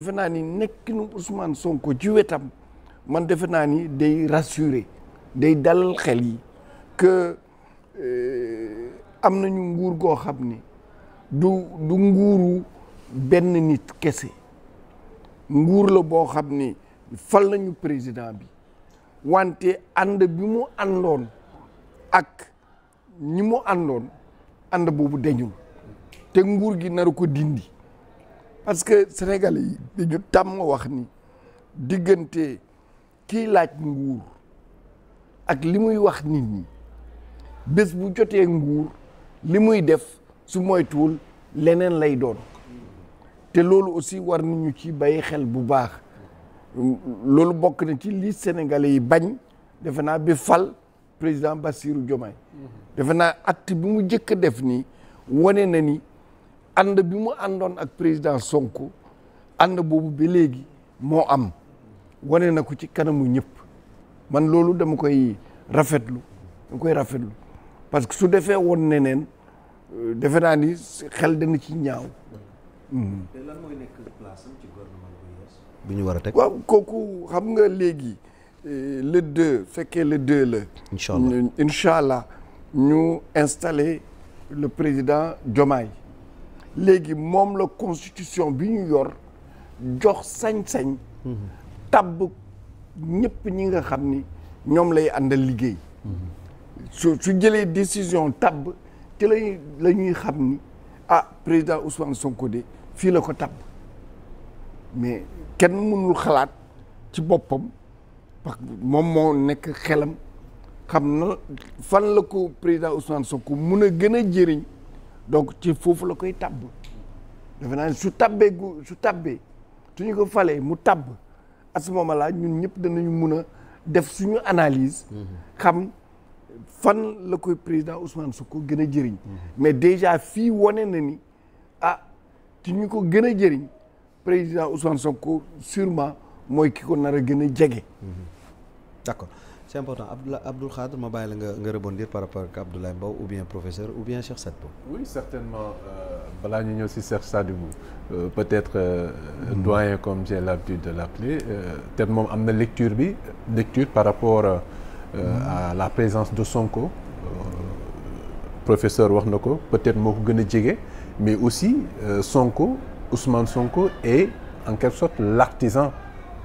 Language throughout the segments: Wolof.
defe naa ni nekkinu Ousmane Sonko ci wetam man defe naa ni day rassure day dalal xel yi que euh, am nañu nguur goo xam ni du du nguuru benn nit kese nguur la boo xam ni fal nañu président bi wante ànd bi mu àndoon ak ñi mu àndoon ànd boobu deñul te nguur gi naru ko dindi parce que Sénégalais yi dañu tàmm wax ni diggante kiy laaj nguur ak li muy wax nit ñi bés bu jotee nguur li muy def su moytuwul leneen lay doon te loolu aussi war nañu ci bàyyi xel bu baax loolu bokk na ci li Sénégalais yi bañ defe naa bi fal président Bassirou Diomaye mm-hmm. defe naa acte bi mu jëkk def nii wane na ni. ànd bi mu àndoon ak président Sonko ànd boobu ba léegi moo am wane na ko ci kanamu ñëpp man loolu dama koy rafetlu dama koy rafetlu parce que su defee woon neneen defe naa ni xel dana ci ñaaw. te hmm. lan mooy ñu war a teg waaw kooku xam nga léegi euh, le deux fekkee le deux la. incha incha allah ñu installé le président Diomaye. léegi moom la constitution bi ñu yor jox sañ-sañ tabb ñëpp ñi nga xam ni ñoom lay àndal liggéey su su jëlee décision tab ci lañuy la ñuy xam ni ah président Ousmane Sonko de fii la ko tabb mais kenn mënul xalaat ci boppam parce que moom moo nekk xelam xam na fan la ko président Ousmane Sonko mun a gën a jëriñ donc ci foofu la koy tabb defe naa ne su tabbee gu su tabbee su ñu ko falee mu tabb à ce moment là ñun ñëpp danañu mun a def suñu analyse mm-hmm. xam fan la koy président Ousmane Sonko gën a jëriñ mm-hmm. mais déjà fii wane na ni ah ci ñu ko gën a jëriñ président Ousmane Sonko sûrement mooy ki ko nar a gën a jege mm-hmm. d'accord c'est important Abdoulaye Abdoul Khadr ma bàyyi la nga nga rebondir par rapport ak Abdoulaye Mbow ou bien professeur ou bien Cheikh Sadibou. oui certainement euh, balaa ñu ñëw si Cheikh Sadibou euh, peut-être euh, mm-hmm. doyen comme j'ai l'habitude de la euh, peut-être moom am na lecture bi lecture par rapport euh, mm-hmm. à la présence de Sonko. professeur wax na ko peut-être moo ko gën a jege mais aussi euh, Sonko Ousmane Sonko et en quelque sorte l'artisan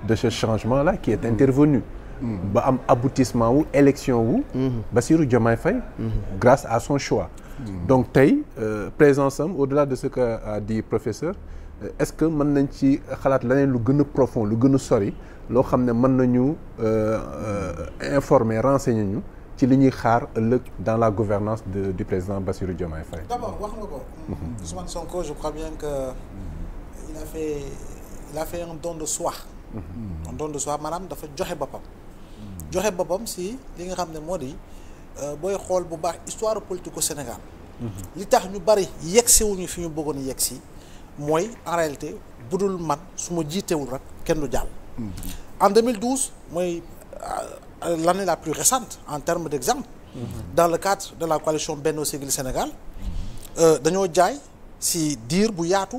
de ce changement-là qui est mm-hmm. intervenu. ba am aboutissement wu élection wu mm-hmm. Bassirou Diomaye Faye mm-hmm. grâce à son choix mm-hmm. donc tey euh, présence am au-delà de ce que euh, a dit professeur euh, est-ce que mën nañ ci xalaat leneen lu gën a profond lu gën a sori loo xam ne mën nañu euh, informer renseigner ñu ci li ñuy xaar ëllëg dans la gouvernance de, du président Bassirou Diomaye Faye d'abord wax nga ko Ousmane dafa joxe boppam joxe boppam si li nga xam ne moo di euh, booy xool bu baax histoire politique au Sénégal. Mhm. li tax ñu bari yegsi wuñu fi ñu bëggoon yegsi mooy en réalité budul man su ma jiitewul rek kenn du jàll. Mhm. en 2012 mooy euh, l'année la plus récente en termes d'exemple. Mhm. dans le cadre de la coalition Benno Siggil Sénégal euh, dañoo jaay si diir bu yaatu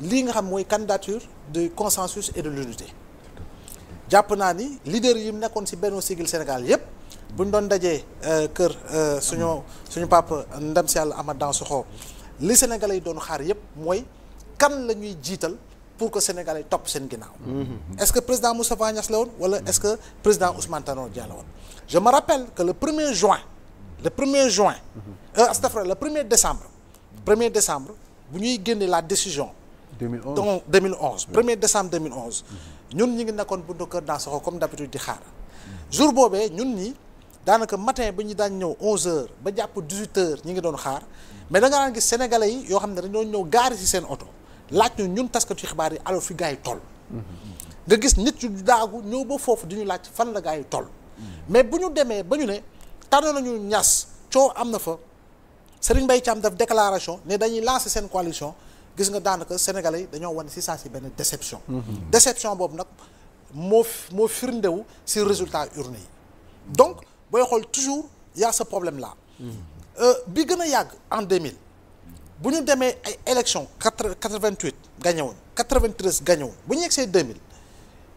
lii nga xam mooy candidature de consensus et de l'unité jàpp naa ni leader yi nekkoon si Benno Siggil Sénégal yépp bu ñu doon dajee euh, kër euh, suñu suñu papa ndem si yàlla Amath Dansokho li Sénégalais yi doon xaar yépp mooy kan la ñuy jiital pour que Sénégalais topp seen ginnaaw. Mm-hmm. est-ce que président Moustapha Niasse la woon wala est-ce que président Ousmane Tanor Dieng la woon. je me rappelle que le premier juin. le premier juin. Mm-hmm. Euh, astafurlah le premier décembre. premier décembre bu ñuy génne la décision. 2011 donc 2011 1er décembre 2011. ñun ñi ngi nekkoon buntu kër Dansokho comme d'habitude di xaar. jour boobee ñun nii daanaka matin ba ñu daan ñëw 11h ba jàpp 18h ñu ngi doon xaar mais da nga daan gis sénégalais yi yoo xam ne dañoo ñëw gaari ci seen oto laaj ñu ñun taskatu ci xibaar yi alors fi gars yi toll. nga gis nit yu daagu ñëw ba foofu di ñu laaj fan la gars yi toll. mais bu ñu demee ba ñu ne tànn ñu ñas coow am na fa Serigne bay Thiam def déclaration ne dañuy lancer seen coalition. gis nga daanaka sénégalais yi dañoo wane si saa si benn déception. Mhm. déception boobu nag moo moo firndewu si résultat urne yi donc booy xool toujours y a ce problème là. Mhm. Euh, bi gën a yàgg en 2000 bu ñu demee ay élection quatre quatre vingt huit gagné woon quatre vingt treize gagné woon bu ñu yegsee 2000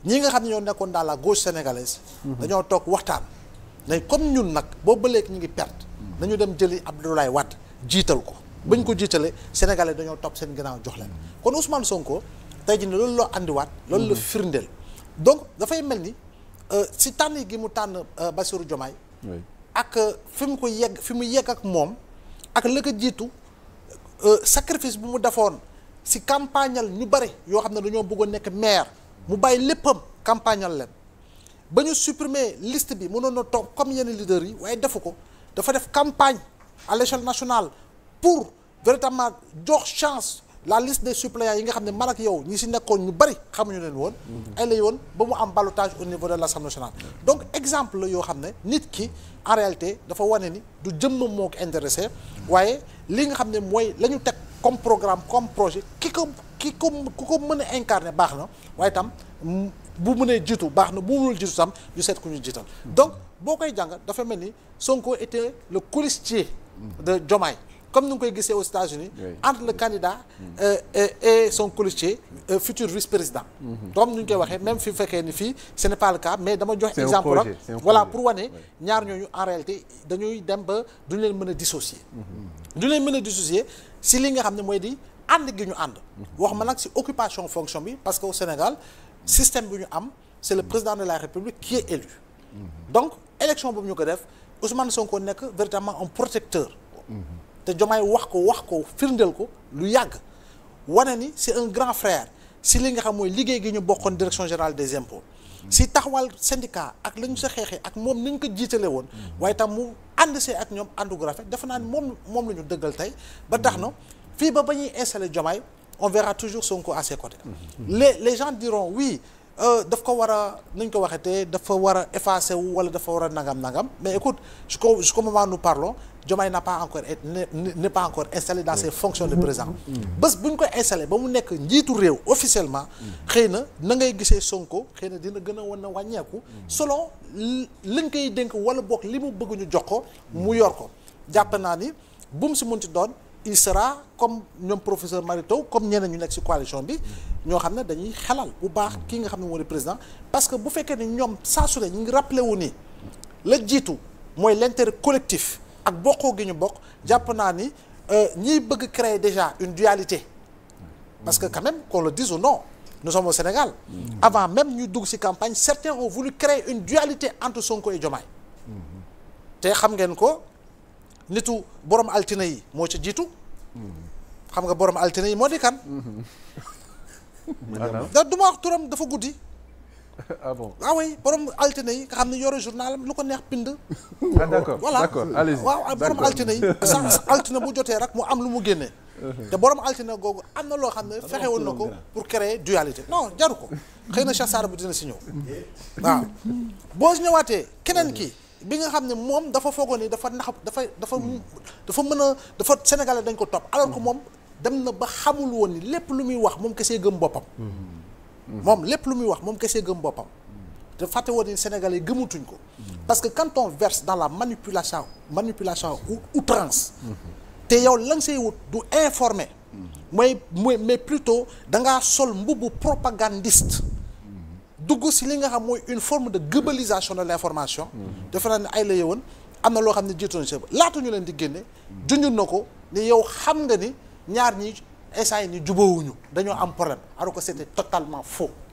ñi nga xam ne ñoo nekkoon daal la gauche sénégalaise. Mhm. dañoo toog waxtaan. mais comme ñun nag boo ba léegi ñu ngi perte. nañu dem jëli Abdoulaye wat jiital ko. bañ ko jiitalee sénégalais dañoo topp seen gannaaw jox leen kon Ousmane Sonko tey jii ne loolu loo andiwaat. loolu la mm-hmm. firndeel. donc dafay mel ni euh, si tànn gi mu tànn euh, Bassirou Diomaye ak euh, fi mu ko yegg fi mu yegg ak moom ak la ko jiitu sacrifice bu mu defoon si campagnal ñu bare yoo xam ne dañoo bëggoon nekk maire mu bàyyi léppam campagnal leen ba ñu supprimer liste bi mënoon na toog comme yenn leaders yi waaye defu ko dafa def campagne à l'échelle nationale pour véritablement jox chance la liste des suppléants yi nga xam ne man ak yow ñi si nekkoon ñu bari xamuñu leen woon. ay la yoon ba mu am balotage au niveau de l'Assemblée nationale. donc exemple la yoo xam ne nit ki en réalité dafa wane ni du jëmmam moo ko intéressé waaye li nga xam ne mooy la ñu teg comme programme comme projet ki ko ki ko ku ko mën a incarner baax na waaye tam bu mënee jiitu baax na bu mënul jiitu tam ñu seet ku ñu jiital. donc boo koy jàng dafa mel ni Sonko le colistier de Diomaye. comme ni nga koy gisee aux États-Unis entre le candidat mm. euh, euh, et son colistier euh, futur vice-président mm-hmm. comme nu ñu koy waxee même fi fekkee ni fii ce n'est pas mais dama jox exemple rek voilà pour wane ñaar ñooñu en réalité dañuy dem ba duñu leen mën a dissocier mm-hmm. du leen mën a dissocier si li nga xam ne mooy di ànd gi ñu ànd mm-hmm. wax ma nag si occupation fonction bi parce que au Sénégal système bi ñu am c'est le président de la République qui est élu donc élection boobu ñu ko def Ousmane Sonko nekk véritablement un protecteur te Diomaye wax ko wax ko firndeel ko lu yàgg wane ni c'est un grand frère si li nga xam mooy liggéey gi ñu bokkoon direction générale des impôts si taxawal syndicat ak la ñu sa xeexee ak moom ni ñu ko jiitale woon waaye tam mu ànd see ak ñoom àndu gu defe naa ni moom moom la ñu dëggal tey ba tax na fii ba ba ñuy installé Diomaye on verra toujours Sonko à ses côtés mm-hmm. les les gens diront oui Euh, daf ko war a nañ ko waxee te dafa war a effacé wu wala dafa war a nangam nangam mais écoute jusqu'au jusqu'au moment nous parlons Diomaye n'a pas encore n'est pas encore installé dans ses fonctions de président bés bu ñu ko installé ba mu nekk njiitu réew officiellement xëy na na ngay gisee Sonko xëy na dina gën a wan a wàññeeku solo li nga koy dénk wala boog li mu bëgg ñu jox ko mu yor ko jàpp naa ni bu mu si munti doon il sera comme ñoom professeur Marito comme ñeneen ñu nekk ci coalition bi ñoo xam ne dañuy xelal bu baax kii nga xam ne moo président parce que bu fekkee ni ñoom saa su ñu ngi rappelé wu ni la jiitu mooy l'intérêt collectif ak bokkoo gi ñu bokk jàpp naa ni euh, ñi bëgg créer déjà une dualité parce que quand même qu'on le ou non nous sommes au Sénégal avant même ñu dugg ci campagne certains ont voulu créer une dualité entre Sonko koy Diomaye te xam ngeen ko nitu borom altina yi moo ci jiitu xam nga borom altine yi moo di kan da du wax turam dafa guddi ah bon ah oui borom altine yi nga xam ne yore journal lu ko neex bind. ah d' accord voilà waaw borom altine yi. sax altine bu jotee rek mu am lu mu génnee. Uh-huh. te borom altine googu am na loo xam ne fexe woon na ko pour créer dualité non jaru ko xëy na Cheikh Sarr bu dina si ñëw waaw boo ñëwaatee keneen kii. bi nga xam ne moom dafa foogoon ni dafa nax dafa dafa mm. dafa mën a dafa sénégalais dañ ko topp alors que moom dem na ba xamul woon ni lépp lu muy wax moom kesee gëm boppam mm-hmm. lépp lu muy wax moom kesee gëm boppam te fàtte woon ni sénégalais gëmutuñ ko mm-hmm. parce que quand verse dans la manipulation manipulation ou outrance mm-hmm. te yow lañ nga wut du informé mooy mooy mais plutôt dangaa sol mbubbu propagandiste dugg si li nga xam mooy une forme de globalisation de l'information. defe naa ne ay la yewoon am na loo xam ne jiitu na si laata ñu leen di génne. junjun na ko ni yow xam nga ni ñaar ñi instant yi ni jubóowuñu dañoo am problème alors que c'était totalement faux.